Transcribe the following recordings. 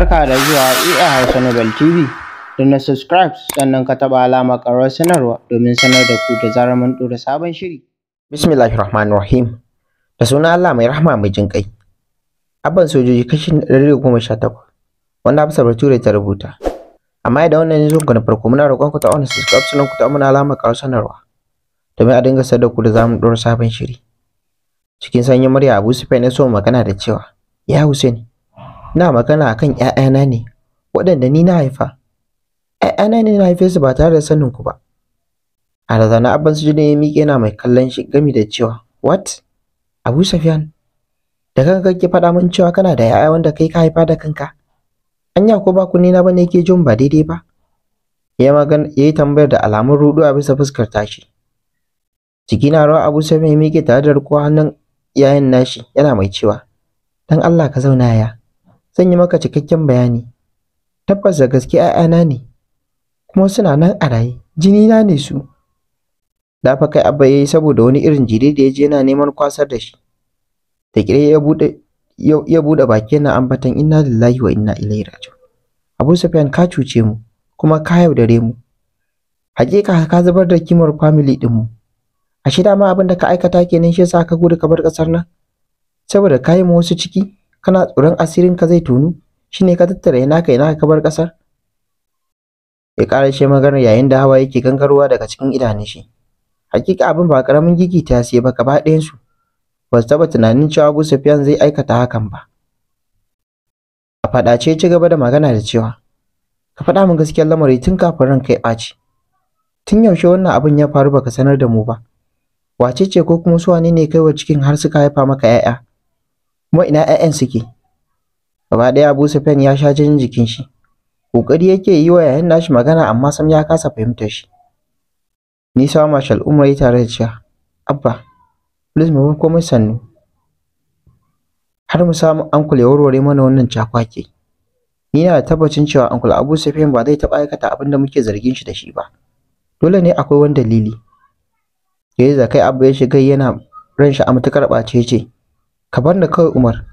Barka da zuwa EA Hausa Nobel TV. Da na subscribe sannan ka taɓa alama karo sanarwa domin sanar da ku da zarar mun ɗora sabon shiri. Bismillahirrahmanirrahim. Da suna Allah mai rahama mai jin ƙai. Abban sojoji kashi ɗari goma sha takwas. Wanda Hafsa turai ta rubuta. Amma idan wannan yanzu ga na farko muna roƙon ku ta auna subscribe sannan ku ta muna alama karo sanarwa. Domin a dinga sanar da ku da zamu ɗora sabon shiri. Cikin sanyin murya Abu Sufyan ya so magana da cewa, Ya Hussein, na magana akan ‘ya'yana ne waɗanda ni na haifa ‘ya'yana ne na haife su ba tare da sanin ku ba a razana abban su ya miƙe yana mai kallon shi gami da cewa what abu safiyan da kanka kake faɗa min cewa kana da ‘ya'ya wanda kai ka haifa da kanka anya ko ba ku ne na bane ke jin ba daidai ba ya magana ya yi tambayar da alamun rudu a bisa fuskar tashi jiki na rawa abu safiyan ya miƙe tare da riko hannun yayin nashi yana mai cewa dan Allah ka zauna ya zan yi maka cikakken bayani tabbas da gaske 'ya'yana ne kuma suna nan a raye jini na ne su da fa kai abba yayi saboda wani irin jiri da ya je yana neman kwasar da shi da kire ya bude ya bude baki na ambatan inna lillahi wa inna ilaihi raji'un Abu Sufyan ka cuce mu kuma ka yaudare mu hakika ka zubar da kimar family din mu ashe dama abin da ka aikata kenan shi yasa ka gudu ka bar kasar nan saboda kai mu wasu ciki kana tsoron asirin ka zai tonu ne ka tattara yana kai na ka bar ƙasar? ya shi maganar yayin da hawa yake gangarwa daga cikin idanun shi hakika abin ba karamin gigi ta sai ba gaba ɗayan su ba su taba tunanin cewa Abu Sufyan zai aikata hakan ba a faɗace ci gaba da magana da cewa ka faɗa min gaskiyar lamari tun kafin ran kai ɓaci tun yaushe wannan abin ya faru baka sanar da mu ba wace ce ko kuma su wane ne wa cikin har suka haifa maka 'ya'ya kuma ina 'ya'yan suke gaba ɗaya abu sufyan ya sha jinin jikin shi ƙoƙari yake yi wa yayin nashi magana amma sam ya kasa fahimtar shi nisa marshal umar ya tare da cewa abba please mu mai sannu har mu samu ankul ya warware mana wannan cakwake ni na tabbacin cewa ankul abu sufyan ba zai taɓa aikata abin da muke zargin shi da shi ba dole ne akwai wani dalili yayin da kai Abba ya shiga yana ran shi a matukar ɓace ce ka bar ni kawai Umar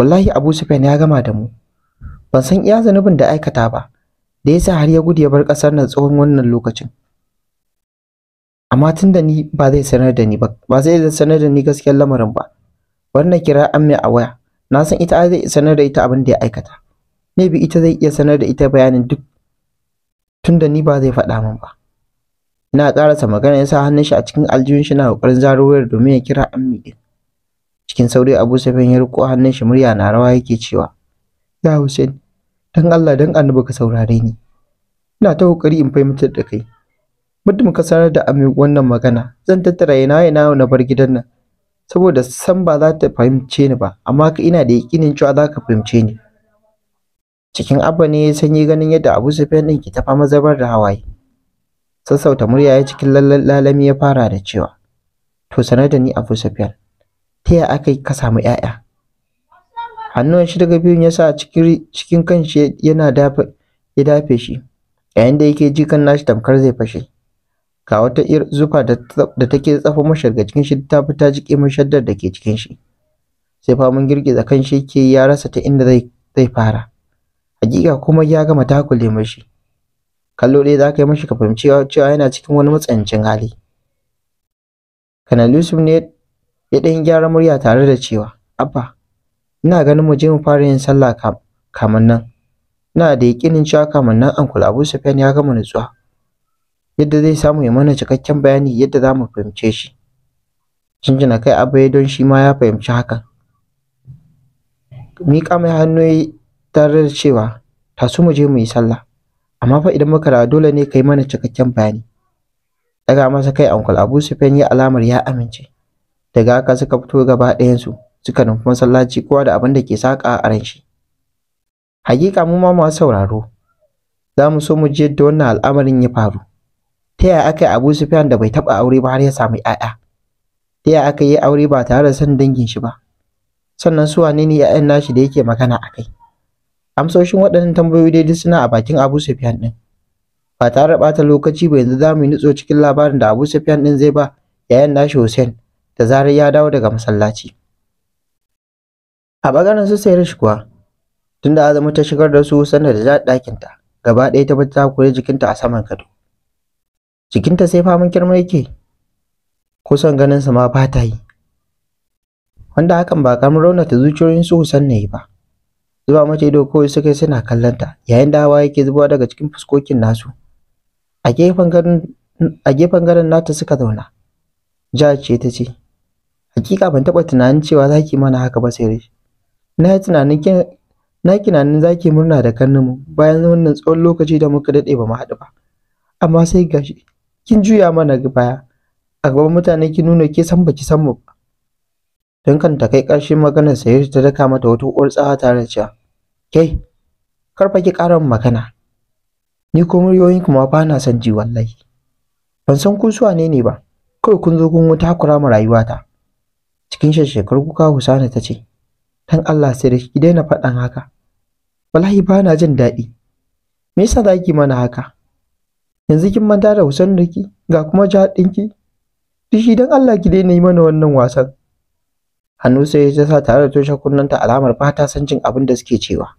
wallahi Abu Sufyan ya gama da mu ban san iya zanubin da aikata ba da yasa har ya gudu ya bar kasar nan tsawon wannan lokacin amma tunda ni ba zai sanar da ni ba ba zai sanar da ni gaskiyar lamarin ba wannan kira an mai a waya na san ita zai sanar da ita abin da ya aikata bi ita zai iya sanar da ita bayanin duk tunda ni ba zai faɗa min ba ina karasa magana ya sa hannun shi a cikin aljihun shi na kokarin zaro wayar domin ya kira ammi din cikin sauri abu sufyan ya riko hannun shi murya na rawa yake cewa ya hussein dan allah dan annabi ka saurare ni ina ta kokari in fahimtar da kai muddin ka sanar da ami wannan magana zan tattara yana yana na bar gidan nan saboda san ba za ta fahimce ni ba amma ka ina da yakinin cewa za ka fahimce ni cikin abba ne sanyi ganin yadda abu sufyan din ke ta fama da hawaye sassauta murya ya cikin lalami ya fara da cewa to sanar da ni abu sufyan ta ya aka ka samu ‘ya'ya hannun shi daga biyun yasa sa cikin kanshi yana dafa ya dafe shi yayin da yake jikan nashi tamkar zai fashe ga wata zufa da take tsafa mashi daga cikin shi ta fi ta jiƙe shaddar da ke cikin shi sai famun girgiza kanshi ke ya rasa ta inda zai zai fara hakika kuma ya gama takule mashi kallo dai za ka yi mashi ka fahimci cewa yana cikin wani matsanancin hali Kana yusuf ne ya ɗan gyara murya tare da cewa abba ina ganin mu je mu fara yin sallah kamar nan ina da yakinin cewa kamar nan ankul abu sufyan ya gama nutsuwa yadda zai samu ya mana cikakken bayani yadda za mu fahimce shi jinjina kai abba ya don shi ma ya fahimci hakan miƙa mai hannu tare da cewa tasu mu je mu yi sallah amma fa idan muka dawo dole ne ka yi mana cikakken bayani daga masa kai ankul abu sufyan ya alamar ya amince daga haka suka fito gaba ɗayansu suka nufi masallaci kowa da abin da ke saƙa a ran shi hakika mu ma masu sauraro za mu so mu ji yadda wannan al'amarin ya faru ta yaya aka yi abu sufyan da bai taɓa aure ba har ya samu 'ya'ya ta yaya aka yi aure ba tare da san dangin shi ba sannan su wane ne 'ya'yan nashi da yake magana a kai amsoshin waɗannan tambayoyi daidai suna a bakin abu sufyan ɗin ba tare da ɓata lokaci ba yanzu za mu yi nutso cikin labarin da abu sufyan ɗin zai ba yayan nashi hussein da zarar ya dawo daga masallaci. A ɓangaren su sai rashi kuwa, tunda Azumi ta shigar da su sanda da ɗakinta, gaba ɗaya ta bata kure jikinta a saman gado. Jikinta sai faman kirma yake, kusan ganin sa ma ba ta yi. Wanda hakan ba kamar raunata zuciyoyin su husan ne ba. Zuba mata ido kawai suka yi suna kallonta, yayin da hawa yake zubawa daga cikin fuskokin nasu. A gefen gadon, nata suka zauna. Ja ce ta ce, hakika ban taɓa tunanin cewa za ki mana haka ba sai na yi tunanin na za ki murna da mu bayan wannan tsawon lokaci da muka daɗe ba mu haɗu ba amma sai gashi kin juya mana baya a gaban mutane ki nuna ke san baki san mu don kan ta kai ƙarshen maganar sai ta daka mata wata uwar tsawa tare da cewa kai karfa ki ƙara magana ni ko muryoyin kuma ba na son ji wallahi ban san kun su ne ne ba kawai kun zo kun wuta kura mu rayuwata cikin shekar kuka Husana ta ce dan Allah sai da ki daina faɗan haka wallahi ba na jin daɗi me yasa za ki mana haka yanzu kin manta da Husan ga kuma ja ɗinki shi dan Allah ki daina yi mana wannan wasan hannu sai ya sa tare da toshe kunnanta alamar fata san jin abin da suke cewa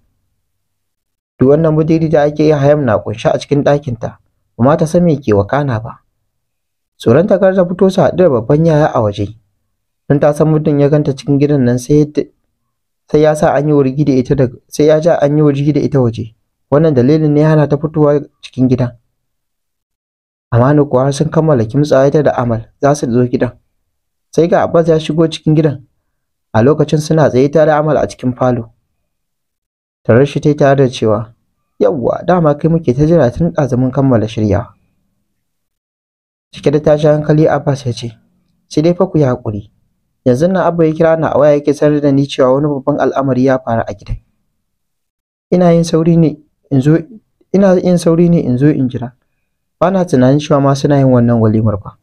duk wannan budiri da ake yi hayam na kunshi a cikin ɗakinta ba ma ta san me ke wakana ba tsoronta ta ta fito su haɗu da babban yaya a waje don ta san muddin ya ganta cikin gidan nan sai sai ya sa an yi wurgi da ita sai ya ja an yi wurgi da ita waje wannan dalilin ne hana ta fitowa cikin gidan amanu kuwa sun kammala kimtsa ita da amal za su zo gidan sai ga abbas ya shigo cikin gidan a lokacin suna tsaye ta da amal a cikin falo tare shi ta tare da cewa yawwa dama kai muke ta jira tun azumin kammala shiryawa cike da tashi hankali abbas ya ce sai dai fa ku yi haƙuri yanzu nan abba ya kira ni a waya yake sanar da ni cewa wani babban al'amari ya faru a gida. ina yin sauri ne in zo ina yin sauri ne in zo in jira Bana tunanin cewa ma suna yin wannan walimar ba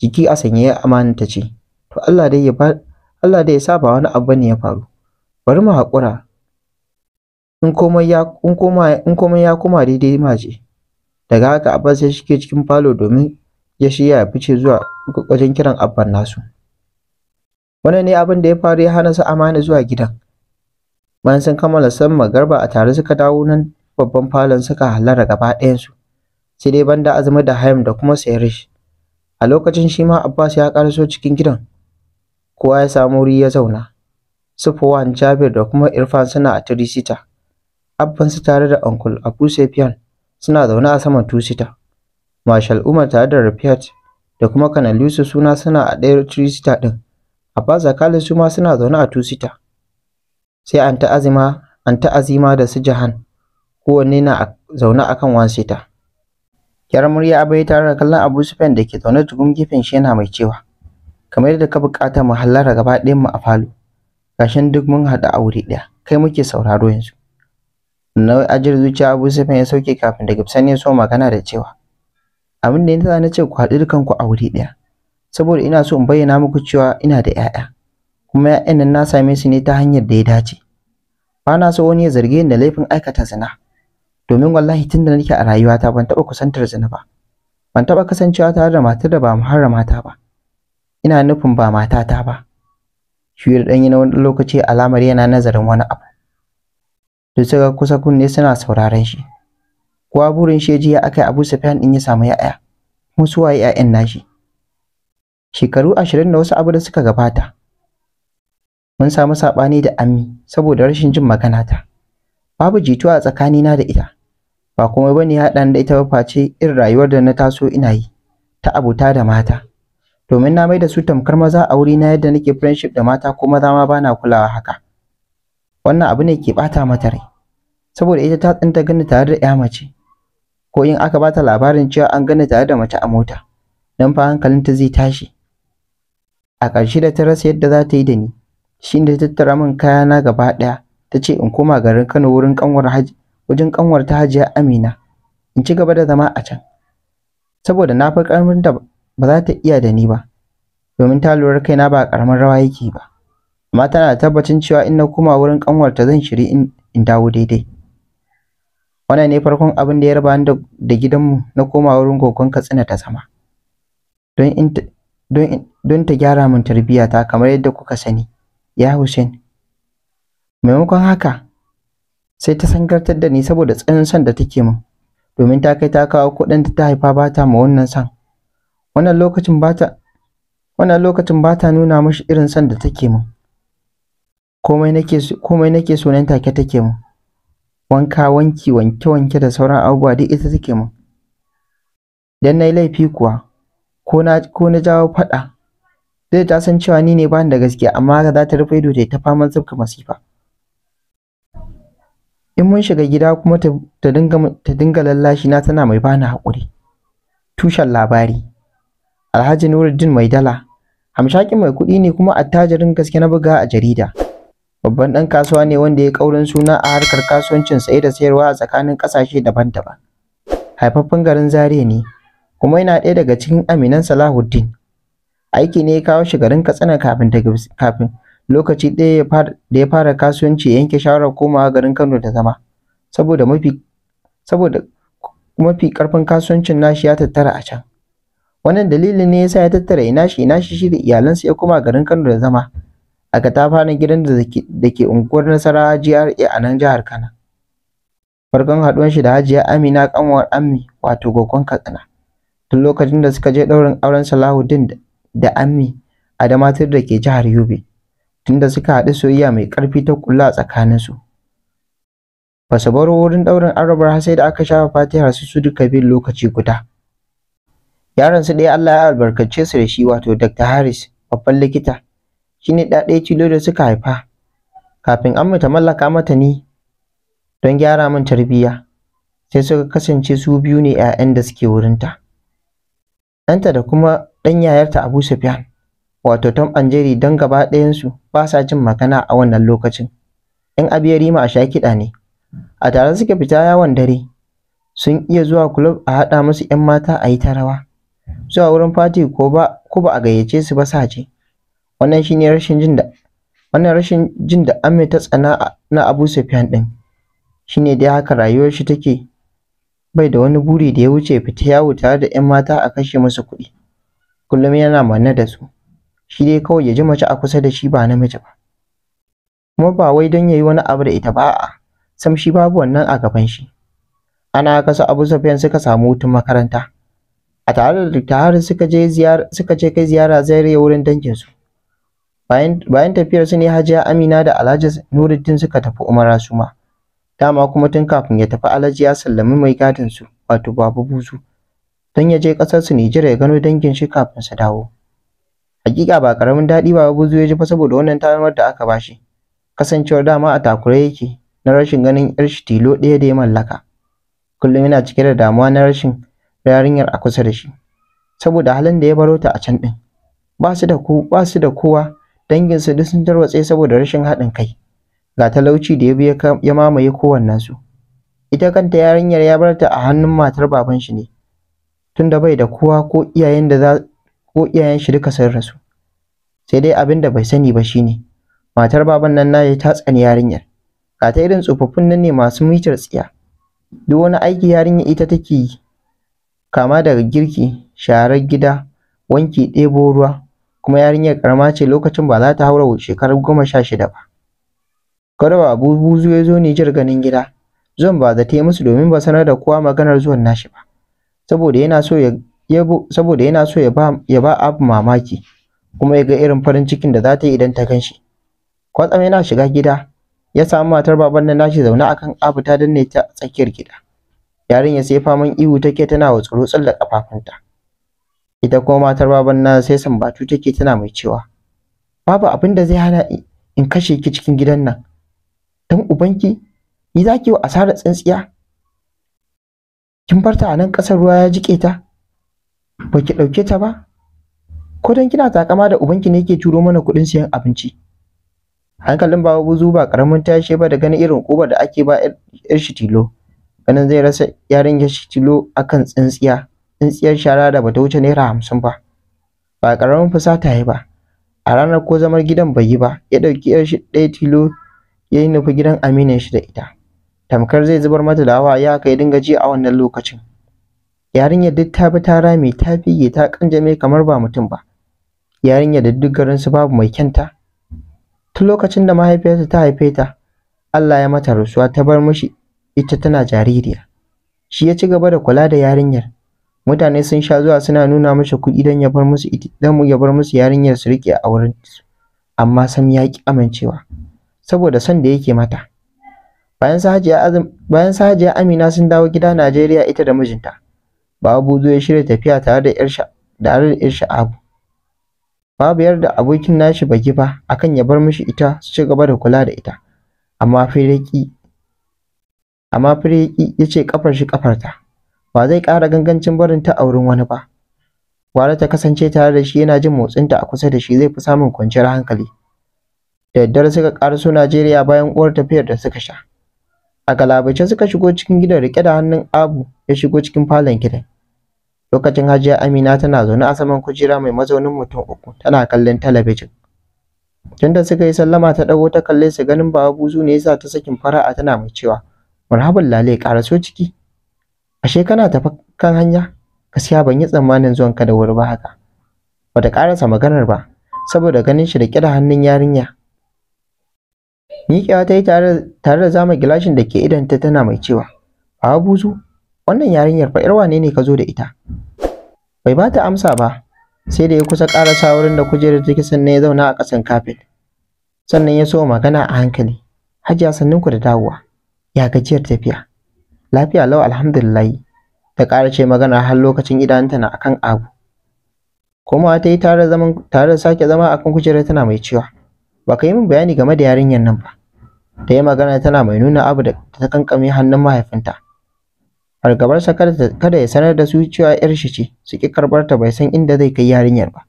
jiki a sanye ya amananta ce to Allah dai ya ba Allah dai ya sa ba wani abu ne ya faru bari mu haƙura in komai ya in koma in komai ya koma daidai ma je daga haka Abbas ya shige cikin falo domin ya shirya ya fice zuwa wajen kiran abban nasu Wani ne abin da ya faru ya hana su amana zuwa gidan bayan sun kammala san magarba a tare suka dawo nan babban falon suka halara gaba ɗayansu sai dai banda azumi da haim da kuma sayarish a lokacin shi ma abbas ya karaso cikin gidan kowa ya samu wuri ya zauna sufwan jabir da kuma irfan suna a tirisita abbansu tare da uncle abu sefian suna zaune a saman tusita marshal umar tare da rafiat da kuma kanal suna suna a ɗaya tirisita ɗin Abba da su ma suna zaune a tusita. Sai an ta'azima azima, an da su Jahan, kowanne na zaune a kan wansita. Kyar murya abai tare da kallon Abu Sufyan da ke zaune tugun gefen shi yana mai cewa, kamar yadda ka bukata mu hallara gaba ɗayan mu a falo, gashin duk mun haɗu a wuri ɗaya, kai muke sauraro yanzu. Nauyi ajiyar zuciya Abu Sufyan ya sauke kafin da Gibson ya so magana da cewa, abin da ya sa na ce ku haɗu dukanku a wuri ɗaya, saboda ina so in bayyana muku cewa ina da 'ya'ya kuma 'ya'yan nan na same su ne ta hanyar da ya dace ba na so wani ya zarge ni da laifin aikata zina domin wallahi tun da nake a rayuwata ban taɓa kusantar zina ba ban taɓa kasancewa tare da matar da ba muharramata ba ina nufin ba matata ba shi dan yi na wani lokaci alamar yana nazarin wani abu da ga kusa kunne suna sauraron shi Kowa burin shi ya ji ya aka abu sufyan ɗin ya samu ya'ya musu waye 'ya'yan nashi shekaru ashirin da wasu abu da suka gabata mun samu saɓani da ammi saboda rashin jin maganata babu jituwa a tsakanina da ita ba kuma bane ya haɗa da ita ba face irin rayuwar da na taso ina yi ta abuta da mata domin na mai da su tamkar maza a wuri na yadda nake friendship da mata ko maza ma bana kulawa haka wannan abu ne ke bata mata rai saboda ita ta tsinta gani tare da ya mace ko in aka bata labarin cewa an gani tare da mace a mota dan fa hankalinta zai tashi A ƙarshe da ta rasa yadda za ta yi da ni, shi ne ta tattara min kayana gaba ɗaya ta ce in koma garin Kano wurin ƙanwar wajen ƙanwar ta Hajiya Amina in ci gaba da zama a can. Saboda na fi ƙarfin da ba za ta iya da ni ba, domin ta lura na ba ƙaramin rawa yake ba. Amma tana da tabbacin cewa in na koma wurin ƙanwarta zan shiri in, dawo daidai. Wannan ne farkon abin da ya raba da gidanmu na koma wurin gogon Katsina ta zama. Don in don ta gyara min tarbiyyata kamar yadda kuka sani ya Hussein maimakon haka sai ta sangartar da ni saboda tsanin son da take min domin ta kai ta kawo kuɗin da ta haifa ba ta ma wannan son wannan lokacin ba ta nuna mashi irin son da take min komai nake komai nake so nan take take min wanka wanki wanke wanke da sauran abubuwa duk ita take min dan nayi laifi kuwa ko na jawo faɗa zai ta san cewa ni ne bani da gaskiya amma haka za ta rufe ido ta ta faman zubka masifa in mun shiga gida kuma ta dinga ta dinga lallashi na tana mai bani hakuri. tushen labari alhaji nuruddin mai dala hamshakin mai kuɗi ne kuma attajirin gaske na buga a jarida babban ɗan kasuwa ne wanda ya ƙaurin suna a harkar kasuwancin saye da sayarwa a tsakanin ƙasashe daban-daban haifaffen garin zare ne kuma yana ɗaya daga cikin aminan Salahuddin. Aiki ne ya kawo shi garin Katsina kafin kafin lokaci ɗaya da ya fara kasuwanci ya yanke shawarar komawa garin Kano da zama saboda mafi saboda mafi ƙarfin kasuwancin nashi ya tattara a can. Wannan dalilin ne yasa ya tattara shi ina shi da iyalansa ya koma garin Kano da zama a katafaren gidan da ke unguwar nasara GRA a nan jihar Kano. Farkon haɗuwar shi da Hajiya Amina kanwar Ammi wato Goggon Katsina. tun lokacin da suka je ɗaurin auren Salahuddin da Ammi a Damatur da ke jihar Yobe, tunda suka haɗu soyayya mai ƙarfi ta kulla a tsakaninsu. Ba su bar wurin ɗaurin arabar har sai da aka shafa fatihar su su duka bin lokaci guda. Yaron su ɗaya Allah ya albarkace su da shi wato Dr. Haris, babban likita, shi ne ɗaɗe tilo da suka haifa. Kafin Ammi ta mallaka mata ni don gyara min tarbiyya, sai suka kasance su biyu ne 'ya'yan da suke wurinta. ɗanta da kuma ɗan yayarta Abu Sufyan wato Tom anjeri don gaba ɗayansu ba sa jin magana a wannan lokacin. ‘Yan rima a sha kiɗa ne, a tare suke fita yawon dare, sun iya zuwa kulob a haɗa musu ‘yan mata a yi ta rawa, zuwa wurin fati ko ba a gayyace su ba sa je. Wannan shi ne rashin jin da wannan rashin jin da ta tsana na Abu Sufyan ɗin, shi ne dai haka rayuwar shi take bai da wani buri da ya wuce fita yawo tare da 'yan mata a kashe musu kuɗi kullum yana manne da su shi dai kawai ya ji mace a kusa da shi ba namiji ba kuma ba wai don ya yi wani abu da ita ba a sam shi babu wannan a gaban shi ana kasa abu Sufyan suka samu hutun makaranta a tare da tare suka je ziyara suka je kai ziyara zaire wurin danginsu bayan bayan tafiyar su ne hajiya amina da alhaji nuruddin suka tafi umara suma dama kuma tun kafin ya tafi Alhaji ya sallami mai gadin su wato Babu Buzu don ya je ƙasar su Nijar ya gano dangin shi kafin su dawo. Hakika ba karamin daɗi Babu Buzu ya ji fa saboda wannan talamar da aka bashi. Kasancewar dama a takure yake na rashin ganin yar shi tilo ɗaya da ya mallaka. Kullum yana cike da damuwa na rashin yarinyar a kusa da shi. Saboda halin da ya baro ta a can ɗin. Ba su da kowa, dangin su duk sun tarwatse saboda rashin haɗin kai. ga talauci da ya bi ya mamaye kowannensu. Ita kanta yarinyar ya bar ta a hannun matar baban shi ne, tunda bai da kowa ko iyayen da za ko iyayen shi duka sun rasu. Sai dai abin da bai sani ba shine matar baban nan na ta tsani yarinyar. Ga ta irin tsofaffin nan ne masu mitar tsiya. Duk wani aiki yarinyar ita take yi, kama daga girki, sharar gida, wanki, ɗebo ruwa, kuma yarinyar karama ce lokacin ba za ta haura shekaru goma sha shida ba. Garba Gurguzu ya zo Nijar ganin gida, zuwan ba zate musu domin ba sanar da kowa maganar zuwan nashi ba, saboda yana so ya ba Abu mamaki kuma ya ga irin farin cikin da za ta yi idan ta gan shi. Kwatsam yana shiga gida, ya samu matar baban nan nashi zaune akan Abu ta danne ta tsakiyar gida. Yarinyar sai faman ihu take tana wa watsuro tsalla kafafunta. Ita kuma matar baban nan sai sambatu take tana mai cewa, babu abin da zai hana in kashe ki cikin gidan nan. dan ubanki ni za wa asara tsintsiya kin farta anan a nan ƙasar ruwa ya jike ta ba ki ɗauke ta ba ko dan kina takama da ubanki ne yake turo mana kuɗin siyan abinci hankalin baba buzu ba karamin tashe ba da ganin irin ƙubar da ake ba yar shi tilo ganin zai rasa yar shi tilo akan tsintsiya tsintsiyar shara da bata wuce naira hamsin ba ba karamin fusata ya ba a ranar ko zamar gidan bai yi ba ya ɗauki yar shi ɗaya tilo ya yi nufi gidan aminin shi da ita tamkar zai zubar mata da hawa ya kai dinga ji a wannan lokacin yarinyar duk ta bi ta rami ta fige ta kanjame kamar ba mutum ba yarinyar da duk garin su babu mai kyanta Ta lokacin da mahaifiyarsa ta haife ta Allah ya mata rusuwa ta bar mishi ita tana jaririya shi ya ci gaba da kula da yarinyar mutane sun sha zuwa suna nuna mishi kuɗi don ya bar musu ita, ya bar musu yarinyar su rike a wurin amma sam ya ki amincewa saboda son da yake mata bayan sahajiya amina sun dawo gida najeriya ita da mijinta babu zo ya shirya tafiya tare da irsha da babu yarda abokin nashi baki ba akan ya bar mishi ita su ci gaba da kula da ita amma fireki amma fireki ya kafar shi kafarta ba zai ƙara gangancin barin ta a wurin wani ba gwara ta kasance tare da shi yana jin motsinta a kusa da shi zai fi samun kwanciyar hankali da daddare suka ƙaraso Najeriya bayan uwar tafiyar da suka sha. A galabace suka shigo cikin gidan rike da hannun Abu ya shigo cikin falon gidan. Lokacin Hajiya Amina tana zaune a saman kujera mai mazaunin mutum uku tana kallon talabijin. Tunda suka yi sallama ta ɗago ta kalle su ganin Baba Buzu ne yasa ta sakin fara'a tana mai cewa marhaban lale karaso ciki. Ashe kana tafa kan hanya? Gaskiya ban yi tsammanin zuwanka da wuri ba haka. Bata karasa maganar ba saboda ganin shi rike da hannun yarinya miƙewa ta yi tare da zama gilashin da ke idanta tana mai cewa a buzu wannan yarinyar fa 'yar wane ne ka zo da ita bai ba ta amsa ba sai da ya kusa ƙarasa wurin da kujerar take sannan ya zauna a ƙasan kafin sannan ya so magana a hankali hajiya sannin ku da dawowa ya gajiyar tafiya lafiya lau alhamdulillahi ta ce magana har lokacin idanunta na akan abu kuma ta yi tare da sake zama akan kujerar tana mai cewa ba ka yi min bayani game da yarinyar nan ba ta yi magana tana mai nuna abu da ta kankame hannun mahaifinta fargabarsa kada ya sanar da su cewa yar shi ce su ki karbar ta bai san inda zai kai yarinyar ba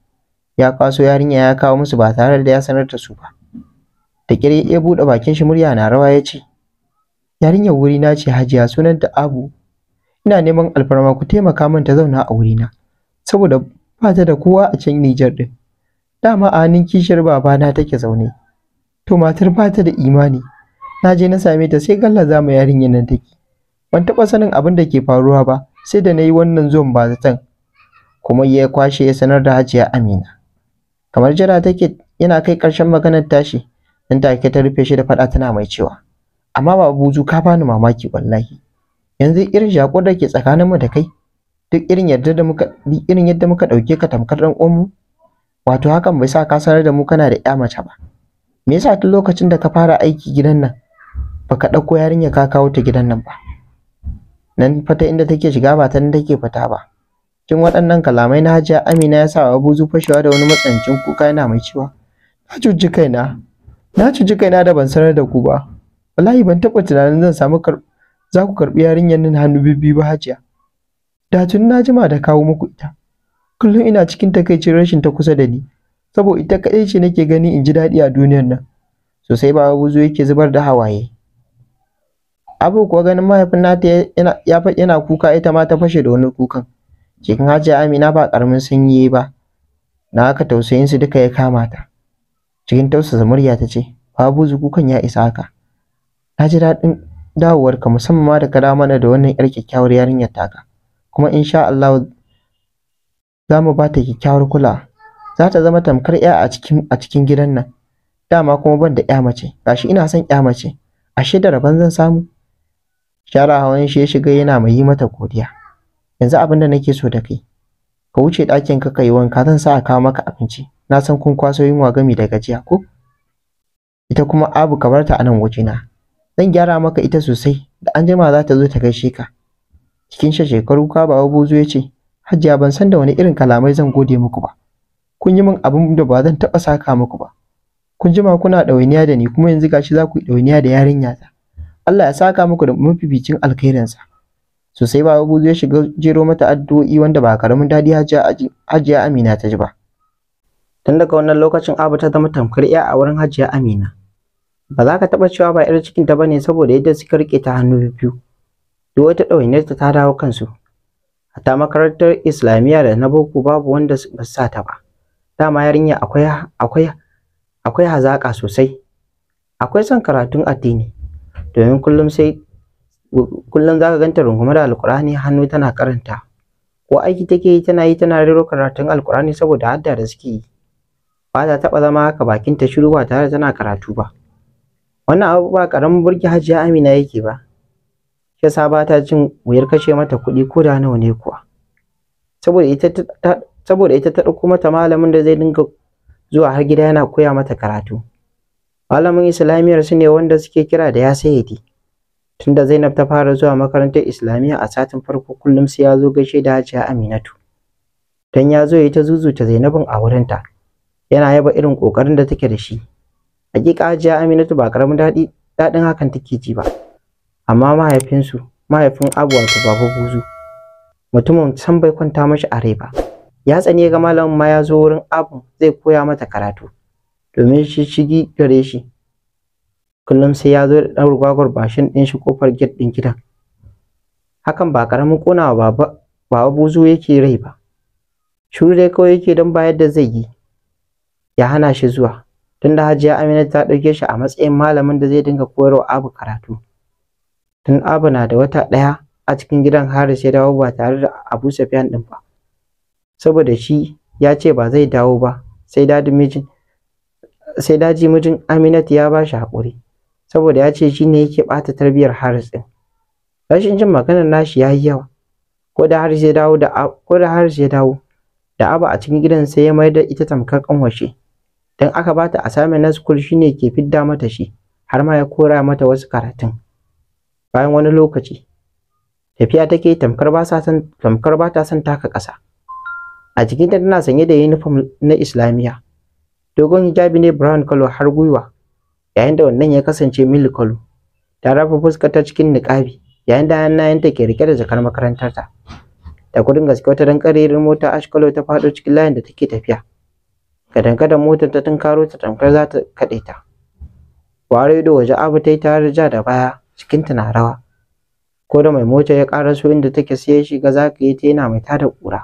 ya kwaso yarinya ya kawo musu ba tare da ya sanar da su ba da kire ya buɗe bakin shi murya na rawa ya ce yarinyar wuri na ce hajiya sunan sunanta abu ina neman alfarma ku taimaka min ta zauna a wurina saboda ba ta da kowa a can Nijar din dama a hannun kishiyar babana take zaune to matar ba ta da imani na je na same ta sai galla za mu yarinyar nan take ban taɓa sanin abin da ke faruwa ba sai da na yi wannan zuwan ba zaton kuma ya kwashe ya sanar da hajiya amina kamar jira take yana kai ƙarshen maganar tashi nan take ta rufe shi da faɗa tana mai cewa amma ba buzu ka bani mamaki wallahi yanzu irin jakon da ke tsakaninmu da kai duk irin yadda muka duk irin yadda muka ɗauke ka tamkar ɗan uwanmu wato hakan bai sa ka sanar da mu kana da ƴa mace ba me yasa tun lokacin da ka fara aiki gidan nan baka ɗauko yarinya ka kawo ta gidan nan ba nan fata inda take shiga ba ta nan take fita ba cikin waɗannan kalamai na hajiya amina ya sa abu zu fashewa da wani matsanancin kuka yana mai cewa na cuci kaina na cuci kaina da ban sanar da ku ba wallahi ban taɓa tunanin zan samu za ku karɓi yarinyar nan hannu bibbi ba hajiya da tun na jima da kawo muku ita Kullum ina cikin takaicin rashin ta kusa da ni, saboda ita kaɗai ce nake gani in ji daɗi a duniyar nan. Sosai Baba buzo yake zubar da hawaye. Abu kuwa ganin mahaifin nata ya yana kuka ita ma ta fashe da wani kukan. Cikin Hajiya Amina ba ƙaramin sanyi ba, na tausayin su duka ya kama ta. Cikin tausasa murya ta ce, Babu kukan ya isa haka. Na ji daɗin dawowarka musamman ma da ka da mana da wannan 'yar kyakkyawar yarinyar taka. Kuma insha Allah za mu ba ta kyakkyawar kulawa za ta zama tamkar 'ya a cikin a cikin gidan nan dama kuma ban da 'ya mace gashi ina son 'ya mace ashe da rabon zan samu shara hawan shi ya shiga yana mai yi mata godiya yanzu abin da nake so da kai ka wuce ɗakin ka yi wanka zan sa a kawo maka abinci na san kun kwaso yunwa gami da gajiya ko ita kuma abu ka barta a nan wajena zan gyara maka ita sosai da anjima za ta zo ta gaishe ka cikin shekaru ka bawa buzu ya ce hajiya ban san da wani irin kalamai zan gode muku ba kun yi min abin da ba zan taɓa saka muku ba kun jima kuna ɗawainiya da ni kuma yanzu gashi za ku yi ɗawainiya da yarinya ta Allah ya saka muku da mafificin alkhairinsa sosai baba buzu ya shiga jero mata addu'o'i wanda ba karamin dadi hajiya amina ta ji ba tun daga wannan lokacin abu ta zama tamkar iya a wurin hajiya amina ba za ka taɓa cewa ba 'yar cikinta ba ne saboda yadda suka riƙe ta hannu biyu duk wata ta ta dawo kansu ta makarantar islamiyya da na boko babu wanda ba sa ta ba dama yarinya akwai akwai akwai hazaka sosai akwai son karatun addini domin kullum sai kullum zaka ganta rungume da alkurani hannu tana karanta ko aiki take yi tana yi tana rero karatun alkurani saboda hadda da suke yi ba ta taba zama haka bakin ta shiru ba tare tana karatu ba wannan abu ba karamin burge hajiya amina yake ba shi ba ta jin wuyar kashe mata kuɗi ko da nawa ne kuwa saboda ita ta saboda ita ta ɗauko mata malamin da zai dinga zuwa har gida yana koya mata karatu malamin islamiyyar su ne wanda suke kira da ya sayyidi tunda Zainab ta fara zuwa makarantar islamiyya a satin farko kullum sai ya zo gaishe da Hajiya Aminatu dan ya zo ya ta zuzu ta Zainabin a wurinta yana yaba irin kokarin da take da shi hakika Hajiya Aminatu ba karamin daɗi daɗin hakan take ji ba amma mahaifinsu mahaifin abu wato baba buzu mutumin can bai kwanta mashi a ba ya tsane ga malamin ma ya zo wurin abu zai koya mata karatu domin shi shigi gare shi kullum sai ya zo da ɗan rugwagwar bashin ɗin shi kofar gate ɗin gidan hakan ba ƙaramin ƙonawa baba baba buzu yake rai ba shiru dai kawai yake don bayar da zai yi ya hana shi zuwa tunda hajiya amina ta ɗauke shi a matsayin malamin da zai dinga koyarwa abu karatu tun Abu na da wata ɗaya a cikin gidan Haris ya dawo ba tare da Abu Sufyan ɗin ba saboda shi ya ce ba zai dawo ba sai dadi mijin sai daji mijin Aminat ya ba shi haƙuri saboda ya ce shi ne yake ɓata tarbiyyar Haris ɗin rashin jin maganar nashi ya yi yawa ko da Haris ya dawo da ko Abu a cikin gidan sai ya mayar da ita tamkar kanwashe don aka bata sami na school shine ke fidda mata shi har ma ya kora mata wasu karatun bayan wani lokaci tafiya take tamkar ba son tamkar ba ta son taka ƙasa a jikinta tana sanye da uniform na islamiyya dogon hijabi ne brown color har gwiwa yayin da wannan ya kasance milk color ta rafa fuskar ta cikin niqabi yayin da hannayenta ke rike da jakar makarantarta da kudin gaske wata dan karerin mota ash color ta faɗo cikin layin da take tafiya kadan-kadan motar ta tunkaro ta tamkar za ta kaɗe ta waredo waje abu ta yi tare da da baya cikinta na rawa ko da mai mota ya karaso inda take sai ya shiga za yi ta yana mai tada ƙura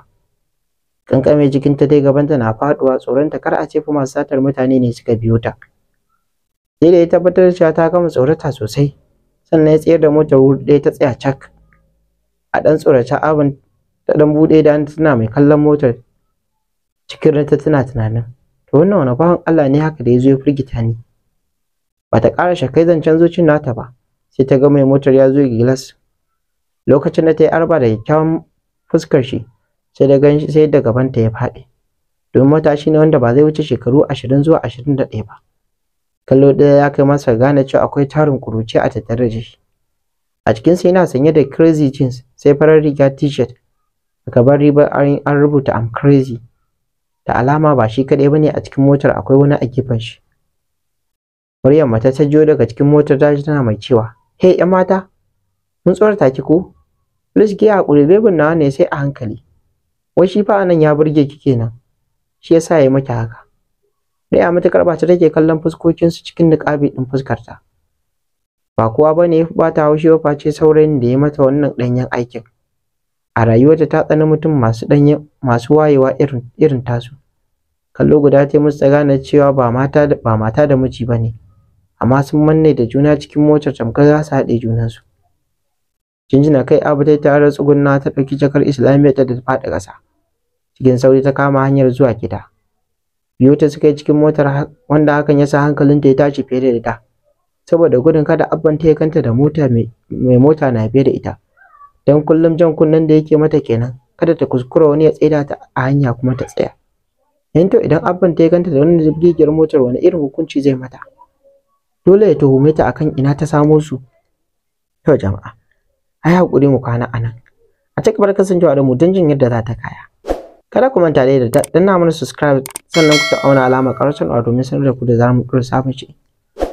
kankame jikinta dai gabanta na faduwa tsoronta kar a ce fa masu satar mutane ne suka biyo ta sai da ya tabbatar cewa ta gama tsorata sosai sannan ya tsayar da motar wuri ɗaya ta tsaya cak a ɗan tsorata abin ta ɗan buɗe da tana mai kallon motar cikin ta tana tunanin to wannan wani bawan Allah ne haka da ya zo ya firgita ni ba ta ƙara shakai zancen zuciyar nata ba sai ta ga mai motar ya zo gilas lokacin da ta yi arba da kyakkyawan fuskar shi sai da gan sai da gabanta ya faɗi domin matashi ne wanda ba zai wuce shekaru ashirin zuwa ashirin da ɗaya ba kallo ɗaya ya kai masa gane cewa akwai tarin kuruci a tattare da shi a cikin sa yana sanye da crazy jeans sai farar riga t-shirt a gaban ribar an rubuta am crazy da alama ba shi kaɗai ba ne a cikin motar akwai wani a gefen shi Maryam mata ta jiyo daga cikin motar daji tana mai cewa He ‘yan mata, mun tsorata ki ko? Please ki haƙuri bebin nawa ne sai a hankali. Wai shi fa anan ya burge ki kenan. Shi yasa ya maki haka. Ɗaya matukar ba ta take kallon fuskokinsu cikin niƙabi ɗin fuskarta. Ba kowa ba ne ya fi bata haushi ba face saurayin da ya mata wannan ɗanyen aikin. A rayuwarta ta tsani mutum masu masu wayewa irin irin tasu. Kallo guda ta musu ta gane cewa ba mata ba mata da miji ba ne. amma sun manne da juna cikin motar tamkar za su haɗe junansu jinjina kai abu dai ta tsugunna ta ɗauki jakar islamiyya ta da faɗi ƙasa cikin sauri ta kama hanyar zuwa gida biyu ta suka cikin motar wanda hakan ya sa hankalin ta ya tashi fiye da da saboda gudun kada abban ta ya kanta da mota mai mota na biye da ita don kullum jan kunnen da yake mata kenan kada ta kuskura wani ya tsaida ta a hanya kuma ta tsaya yanto idan abban ta ya kanta da wannan jirgin motar wani irin hukunci zai mata dole ya tuhume ta akan ina ta samo su to jama'a ai hakuri mu kwana anan a cikin barkar da kasancewa da mu don jin yadda za ta kaya kada ku manta dai da danna mana subscribe sannan ku auna alamar karatun a domin sanar da ku da zamu ɗora sabon shi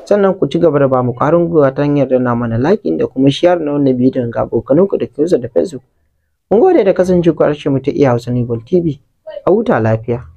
sannan ku ci gaba da bamu ƙwarin gwiwa ta hanyar danna mana like da kuma share na wannan bidiyon ga ku da ke da facebook mun gode da kasance ku a mu ta iya hausa ne tv a huta lafiya